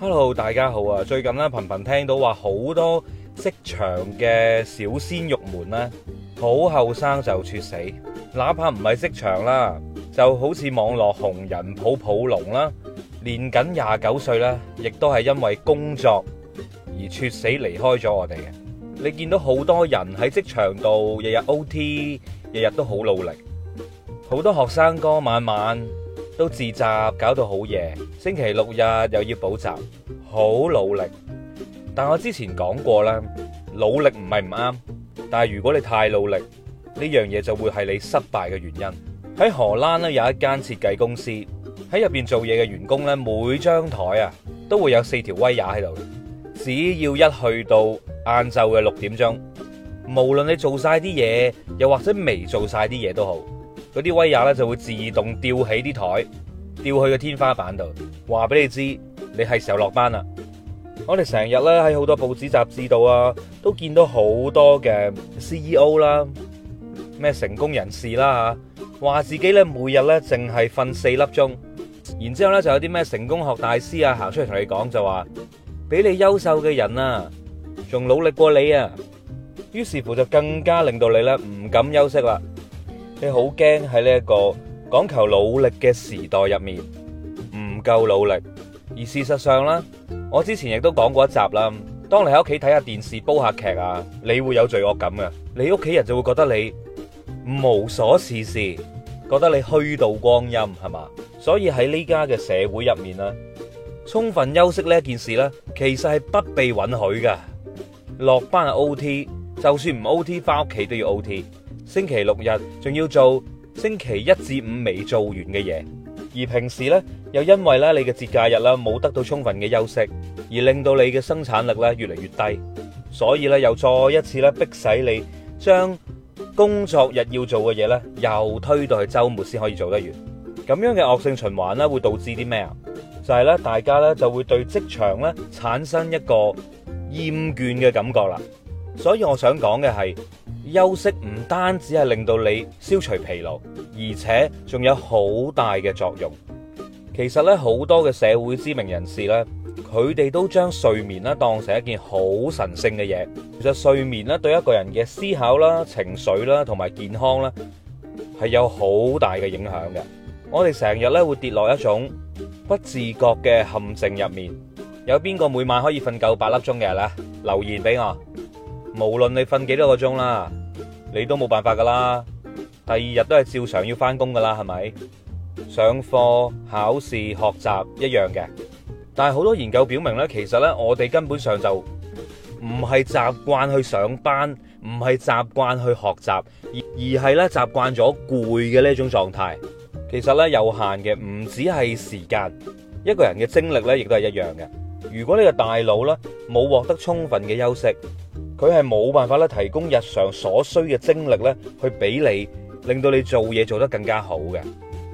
hello，大家好啊！最近咧，頻頻聽到話好多職場嘅小鮮肉們咧，好後生就猝死。哪怕唔係職場啦，就好似網絡紅人泡泡龍啦，年僅廿九歲啦，亦都係因為工作而猝死離開咗我哋嘅。你見到好多人喺職場度日日 OT，日日都好努力，好多學生哥晚晚，都自習搞到好夜，星期六日又要補習，好努力。但我之前講過啦，努力唔係唔啱，但係如果你太努力，呢樣嘢就會係你失敗嘅原因。喺荷蘭咧有一間設計公司，喺入邊做嘢嘅員工呢，每張台啊都會有四條威亞喺度。只要一去到晏晝嘅六點鐘，無論你做晒啲嘢，又或者未做晒啲嘢都好。嗰啲威亞咧就會自動吊起啲台，吊去個天花板度，話俾你知你係時候落班啦。我哋成日咧喺好多報紙雜誌度啊，都見到好多嘅 CEO 啦，咩成功人士啦吓，話自己咧每日咧淨係瞓四粒鐘，然之後咧就有啲咩成功學大師啊行出嚟，同你講就話，比你優秀嘅人啊，仲努力過你啊，於是乎就更加令到你咧唔敢休息啦。你好驚喺呢一個講求努力嘅時代入面唔夠努力，而事實上啦，我之前亦都講過一集啦。當你喺屋企睇下電視煲下劇啊，你會有罪惡感噶，你屋企人就會覺得你無所事事，覺得你虛度光陰，係嘛？所以喺呢家嘅社會入面啦，充分休息呢一件事呢，其實係不被允許噶。落班係 OT，就算唔 OT，返屋企都要 OT。星期六日仲要做星期一至五未做完嘅嘢，而平時呢，又因為咧你嘅節假日啦冇得到充分嘅休息，而令到你嘅生產力咧越嚟越低，所以咧又再一次咧逼使你將工作日要做嘅嘢呢，又推到去周末先可以做得完，咁樣嘅惡性循環咧會導致啲咩啊？就係咧大家呢，就會對職場呢，產生一個厭倦嘅感覺啦，所以我想講嘅係。休息唔單止係令到你消除疲勞，而且仲有好大嘅作用。其實咧，好多嘅社會知名人士咧，佢哋都將睡眠咧當成一件好神聖嘅嘢。其實睡眠咧對一個人嘅思考啦、情緒啦同埋健康啦係有好大嘅影響嘅。我哋成日咧會跌落一種不自覺嘅陷阱入面。有邊個每晚可以瞓夠八粒鐘嘅人咧？留言俾我。無論你瞓幾多個鐘啦，你都冇辦法噶啦。第二日都係照常要翻工噶啦，係咪上課、考試、學習一樣嘅？但係好多研究表明呢，其實呢，我哋根本上就唔係習慣去上班，唔係習慣去學習，而而係呢習慣咗攰嘅呢種狀態。其實呢，有限嘅唔止係時間，一個人嘅精力呢亦都係一樣嘅。如果你嘅大腦呢冇獲得充分嘅休息。佢係冇辦法咧提供日常所需嘅精力咧，去俾你令到你做嘢做得更加好嘅，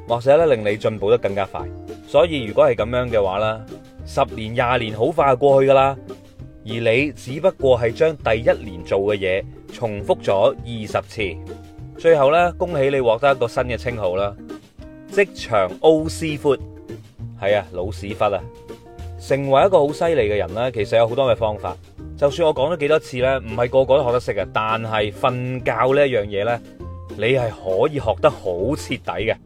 或者咧令你進步得更加快。所以如果係咁樣嘅話咧，十年廿年好快就過去噶啦，而你只不過係將第一年做嘅嘢重複咗二十次，最後咧恭喜你獲得一個新嘅稱號啦，職場 O 屎忽，係啊，老屎忽啊！成為一個好犀利嘅人呢，其實有好多嘅方法。就算我講咗幾多次呢，唔係個個都學得識嘅，但係瞓覺呢樣嘢呢，你係可以學得好徹底嘅。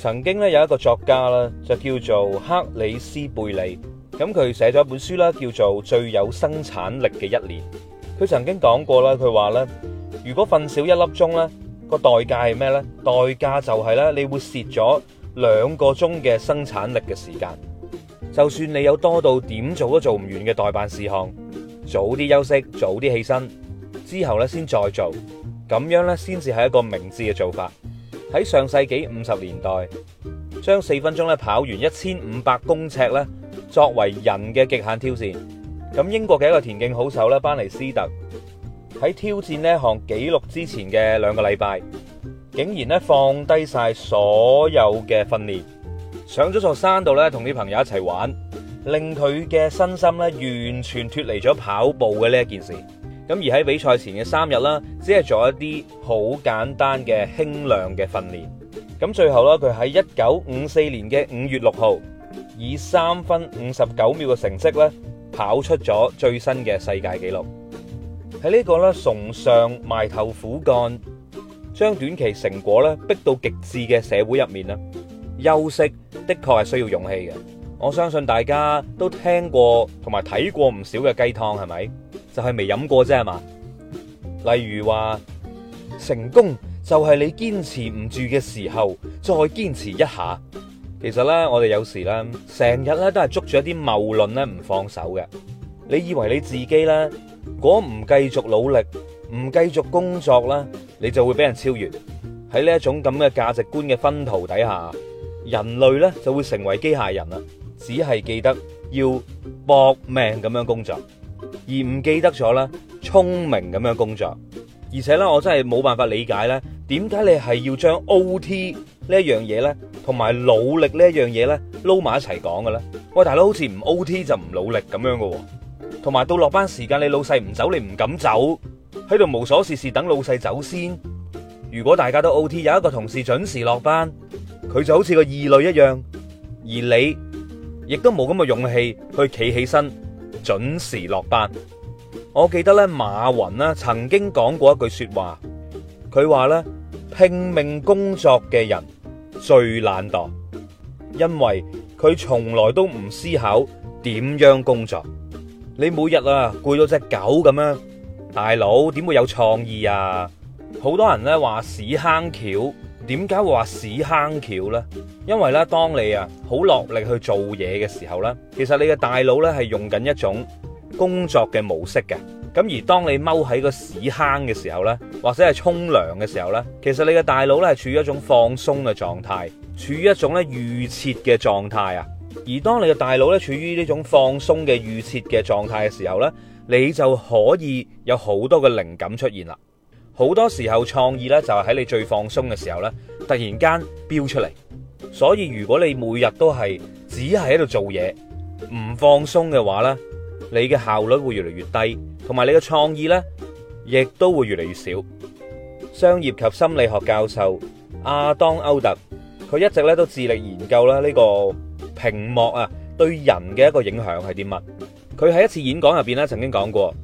曾經呢，有一個作家啦，就叫做克里斯貝利。咁佢寫咗一本書啦，叫做《最有生產力嘅一年》。佢曾經講過啦，佢話呢：「如果瞓少一粒鐘呢，個代價係咩呢？代價就係呢，你會蝕咗兩個鐘嘅生產力嘅時間。就算你有多到點做都做唔完嘅代辦事項，早啲休息，早啲起身，之後咧，先再做，咁樣咧先至係一個明智嘅做法。喺上世紀五十年代，將四分鐘咧跑完一千五百公尺咧作為人嘅極限挑戰，咁英國嘅一個田徑好手咧，班尼斯特喺挑戰呢一項紀錄之前嘅兩個禮拜，竟然咧放低晒所有嘅訓練。上咗座山度咧，同啲朋友一齊玩，令佢嘅身心咧完全脫離咗跑步嘅呢一件事。咁而喺比賽前嘅三日啦，只係做一啲好簡單嘅輕量嘅訓練。咁最後啦，佢喺一九五四年嘅五月六號，以三分五十九秒嘅成績咧，跑出咗最新嘅世界紀錄。喺呢個咧崇尚埋頭苦幹、將短期成果咧逼到極致嘅社會入面啦。休息的確係需要勇氣嘅，我相信大家都聽過同埋睇過唔少嘅雞湯，係咪？就係未飲過啫，係嘛？例如話成功就係你堅持唔住嘅時候，再堅持一下。其實呢，我哋有時呢，成日呢都係捉住一啲謬論呢唔放手嘅。你以為你自己呢，果唔繼續努力，唔繼續工作呢，你就會俾人超越。喺呢一種咁嘅價值觀嘅薰陶底下。人類咧就會成為機械人啦，只係記得要搏命咁樣工作，而唔記得咗啦聰明咁樣工作。而且咧，我真係冇辦法理解咧，點解你係要將 OT 呢一樣嘢咧，同埋努力呢一樣嘢咧撈埋一齊講嘅咧？喂，大佬，好似唔 OT 就唔努力咁樣嘅喎，同埋到落班時間，你老細唔走，你唔敢走，喺度無所事事等老細走先。如果大家都 OT，有一個同事準時落班。佢就好似個異類一樣，而你亦都冇咁嘅勇氣去企起身，準時落班。我記得咧，馬雲啦曾經講過一句說話，佢話咧拼命工作嘅人最懶惰，因為佢從來都唔思考點樣工作。你每日啊攰到隻狗咁樣，大佬點會有創意啊？好多人咧話屎坑橋。點解會話屎坑橋呢？因為咧，當你啊好落力去做嘢嘅時候呢，其實你嘅大腦咧係用緊一種工作嘅模式嘅。咁而當你踎喺個屎坑嘅時候呢，或者係沖涼嘅時候呢，其實你嘅大腦咧係處於一種放鬆嘅狀態，處於一種咧預設嘅狀態啊。而當你嘅大腦咧處於呢種放鬆嘅預設嘅狀態嘅時候呢，你就可以有好多嘅靈感出現啦。好多時候創意咧就係喺你最放鬆嘅時候咧，突然間飆出嚟。所以如果你每日都係只係喺度做嘢，唔放鬆嘅話呢，你嘅效率會越嚟越低，同埋你嘅創意呢，亦都會越嚟越少。商業及心理學教授亞當歐特，佢一直咧都致力研究啦呢個屏幕啊對人嘅一個影響係啲乜？佢喺一次演講入邊呢曾經講過。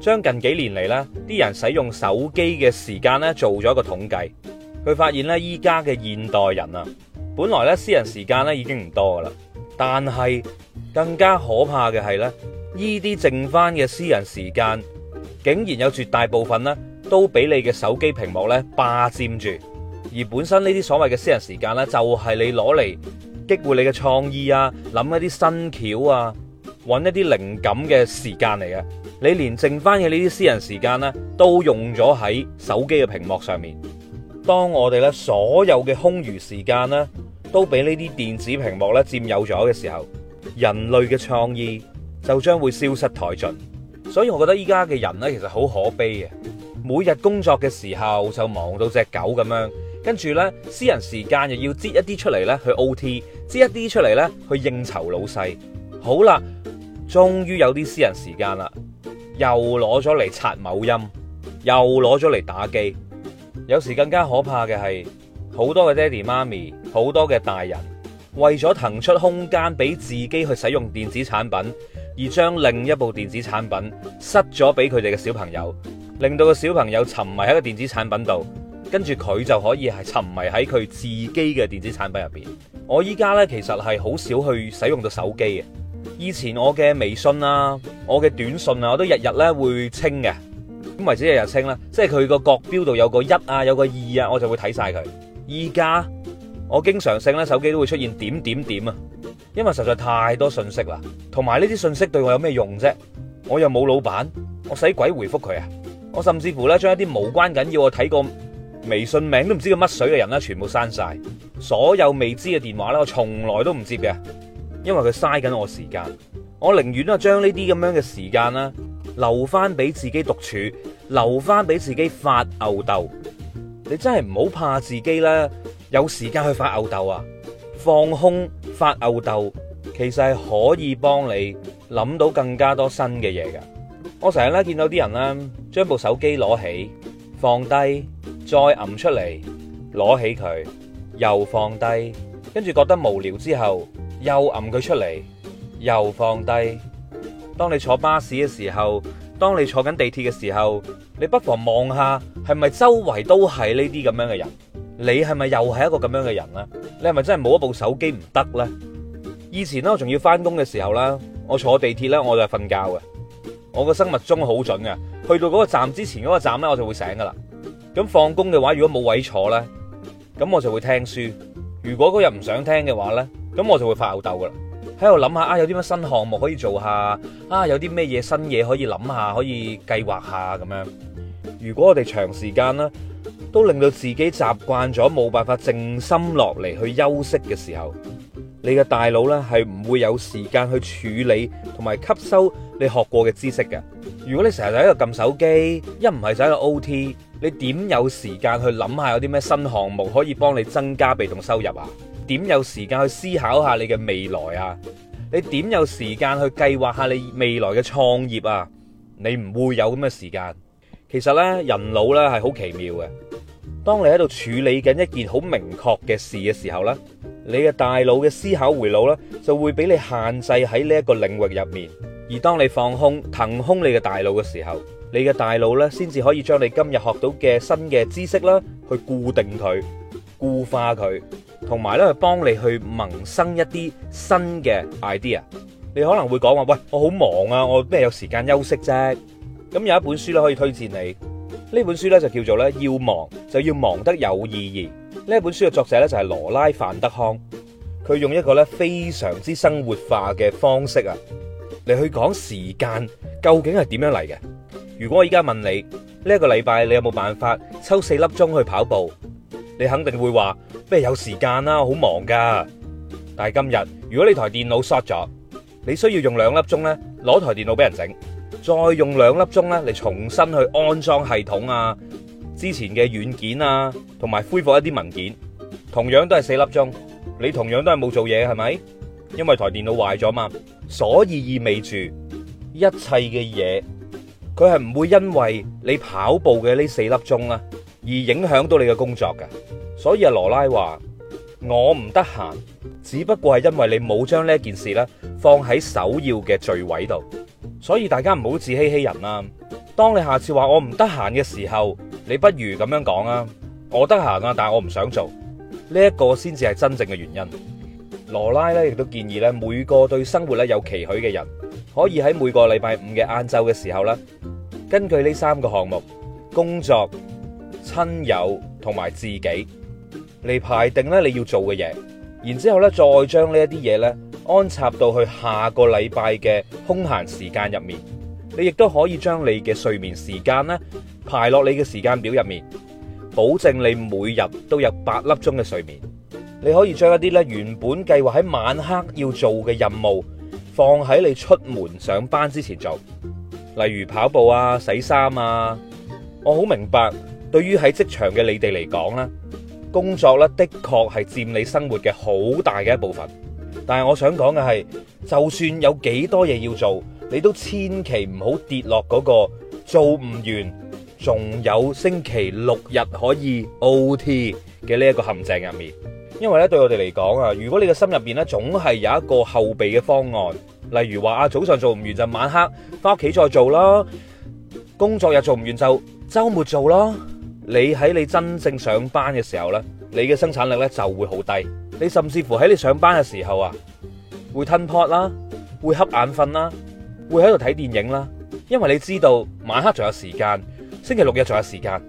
將近幾年嚟，呢啲人使用手機嘅時間咧，做咗一個統計，佢發現呢，依家嘅現代人啊，本來呢私人時間咧已經唔多噶啦，但係更加可怕嘅係咧，呢啲剩翻嘅私人時間，竟然有絕大部分咧都俾你嘅手機屏幕咧霸佔住，而本身呢啲所謂嘅私人時間呢，就係你攞嚟激活你嘅創意啊，諗一啲新橋啊，揾一啲靈感嘅時間嚟嘅。你連剩翻嘅呢啲私人時間咧，都用咗喺手機嘅屏幕上面。當我哋咧所有嘅空餘時間咧，都俾呢啲電子屏幕咧佔有咗嘅時候，人類嘅創意就將會消失殆盡。所以我覺得依家嘅人咧，其實好可悲嘅。每日工作嘅時候就忙到隻狗咁樣，跟住呢，私人時間又要擠一啲出嚟咧去 OT，擠一啲出嚟咧去應酬老細。好啦，終於有啲私人時間啦。又攞咗嚟刷某音，又攞咗嚟打機。有時更加可怕嘅係，好多嘅爹地媽咪，好多嘅大人，為咗騰出空間俾自己去使用電子產品，而將另一部電子產品塞咗俾佢哋嘅小朋友，令到個小朋友沉迷喺個電子產品度，跟住佢就可以係沉迷喺佢自己嘅電子產品入邊。我依家呢，其實係好少去使用到手機嘅，以前我嘅微信啦、啊。我嘅短信啊，我都日日咧會清嘅，咁唔止日日清啦，即係佢個角標度有個一啊，有個二啊，我就會睇晒佢。而家我經常性咧手機都會出現點點點啊，因為實在太多信息啦，同埋呢啲信息對我有咩用啫？我又冇老闆，我使鬼回覆佢啊！我甚至乎咧將一啲無關緊要我睇過微信名都唔知佢乜水嘅人咧，全部刪晒。所有未知嘅電話咧，我從來都唔接嘅，因為佢嘥緊我時間。我寧願啊，將呢啲咁樣嘅時間啦，留翻俾自己獨處，留翻俾自己發吽逗。你真係唔好怕自己啦，有時間去發吽逗啊！放空發吽逗，其實係可以幫你諗到更加多新嘅嘢㗎。我成日咧見到啲人啦，將部手機攞起，放低，再揞出嚟，攞起佢，又放低，跟住覺得無聊之後，又揞佢出嚟。又放低。當你坐巴士嘅時候，當你坐緊地鐵嘅時候，你不妨望下係咪周圍都係呢啲咁樣嘅人？你係咪又係一個咁樣嘅人呢？你係咪真係冇一部手機唔得呢？以前咧我仲要返工嘅時候啦，我坐地鐵咧我就瞓覺嘅。我個生物鐘好準嘅，去到嗰個站之前嗰個站咧我就會醒噶啦。咁放工嘅話，如果冇位坐呢，咁我就會聽書。如果嗰日唔想聽嘅話呢，咁我就會發吽逗噶啦。喺度諗下啊，有啲乜新項目可以做下啊，有啲咩嘢新嘢可以諗下，可以計劃下咁樣。如果我哋長時間呢，都令到自己習慣咗冇辦法靜心落嚟去休息嘅時候，你嘅大腦呢係唔會有時間去處理同埋吸收你學過嘅知識嘅。如果你成日喺度撳手機，一唔係就喺度 OT。你點有時間去諗下有啲咩新項目可以幫你增加被動收入啊？點有時間去思考下你嘅未來啊？你點有時間去計劃下你未來嘅創業啊？你唔會有咁嘅時間。其實呢，人腦呢係好奇妙嘅。當你喺度處理緊一件好明確嘅事嘅時候呢，你嘅大腦嘅思考回路呢，就會俾你限制喺呢一個領域入面。而當你放空、騰空你嘅大腦嘅時候，你嘅大腦呢，先至可以將你今日學到嘅新嘅知識啦，去固定佢、固化佢，同埋呢，去幫你去萌生一啲新嘅 idea。你可能會講話，喂，我好忙啊，我咩有時間休息啫？咁有一本書呢，可以推薦你。呢本書呢，就叫做呢，要忙就要忙得有意義。呢本書嘅作者呢，就係羅拉范德康，佢用一個呢非常之生活化嘅方式啊，嚟去講時間究竟係點樣嚟嘅。如果我而家問你呢，一個禮拜你有冇辦法抽四粒鐘去跑步，你肯定會話不如有時間啦，啊，好忙噶。但係今日如果你台電腦 short 咗，你需要用兩粒鐘呢攞台電腦俾人整，再用兩粒鐘呢嚟，重新去安裝系統啊，之前嘅軟件啊，同埋恢復一啲文件，同樣都係四粒鐘，你同樣都係冇做嘢係咪？因為台電腦壞咗嘛，所以意味住一切嘅嘢。佢係唔會因為你跑步嘅呢四粒鐘咧，而影響到你嘅工作嘅。所以阿、啊、羅拉話我唔得閒，只不過係因為你冇將呢件事咧放喺首要嘅序位度。所以大家唔好自欺欺人啦。當你下次話我唔得閒嘅時候，你不如咁樣講啊，我得閒啊，但我唔想做呢一、這個先至係真正嘅原因。羅拉呢亦都建議咧，每個對生活咧有期許嘅人。可以喺每個禮拜五嘅晏晝嘅時候咧，根據呢三個項目：工作、親友同埋自己嚟，排定咧你要做嘅嘢，然之後咧再將呢一啲嘢咧安插到去下個禮拜嘅空閒時間入面。你亦都可以將你嘅睡眠時間咧排落你嘅時間表入面，保證你每日都有八粒鐘嘅睡眠。你可以將一啲咧原本計劃喺晚黑要做嘅任務，放喺你出門上班之前做，例如跑步啊、洗衫啊。我好明白，對於喺職場嘅你哋嚟講啦，工作呢，的確係佔你生活嘅好大嘅一部分。但係我想講嘅係，就算有幾多嘢要做，你都千祈唔好跌落嗰個做唔完，仲有星期六日可以 OT 嘅呢一個陷阱入面。因為咧，對我哋嚟講啊，如果你嘅心入邊咧，總係有一個後備嘅方案，例如話啊，早上做唔完就晚黑翻屋企再做啦，工作日做唔完就周末做啦。你喺你真正上班嘅時候咧，你嘅生產力咧就會好低。你甚至乎喺你上班嘅時候啊，會吞泡啦，會瞌眼瞓啦，會喺度睇電影啦，因為你知道晚黑仲有時間，星期六日仲有時間，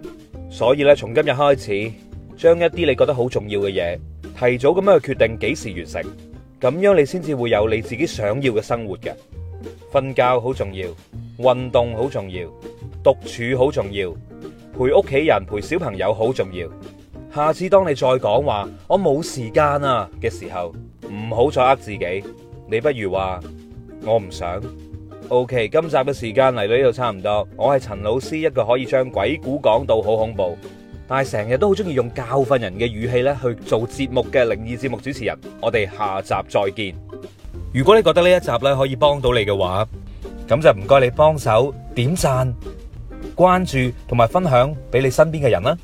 所以呢，從今日開始，將一啲你覺得好重要嘅嘢。提早咁樣去決定幾時完成，咁樣你先至會有你自己想要嘅生活嘅。瞓覺好重要，運動好重要，獨處好重要，陪屋企人、陪小朋友好重要。下次當你再講話我冇時間啊嘅時候，唔好再呃自己，你不如話我唔想。OK，今集嘅時間嚟到呢度差唔多，我係陳老師，一個可以將鬼故講到好恐怖，但係成日都好中意用教訓人嘅語氣咧去做節目嘅，靈異節目主持人，我哋下集再見。如果你覺得呢一集咧可以幫到你嘅話，咁就唔該你幫手點讚、關注同埋分享俾你身邊嘅人啦。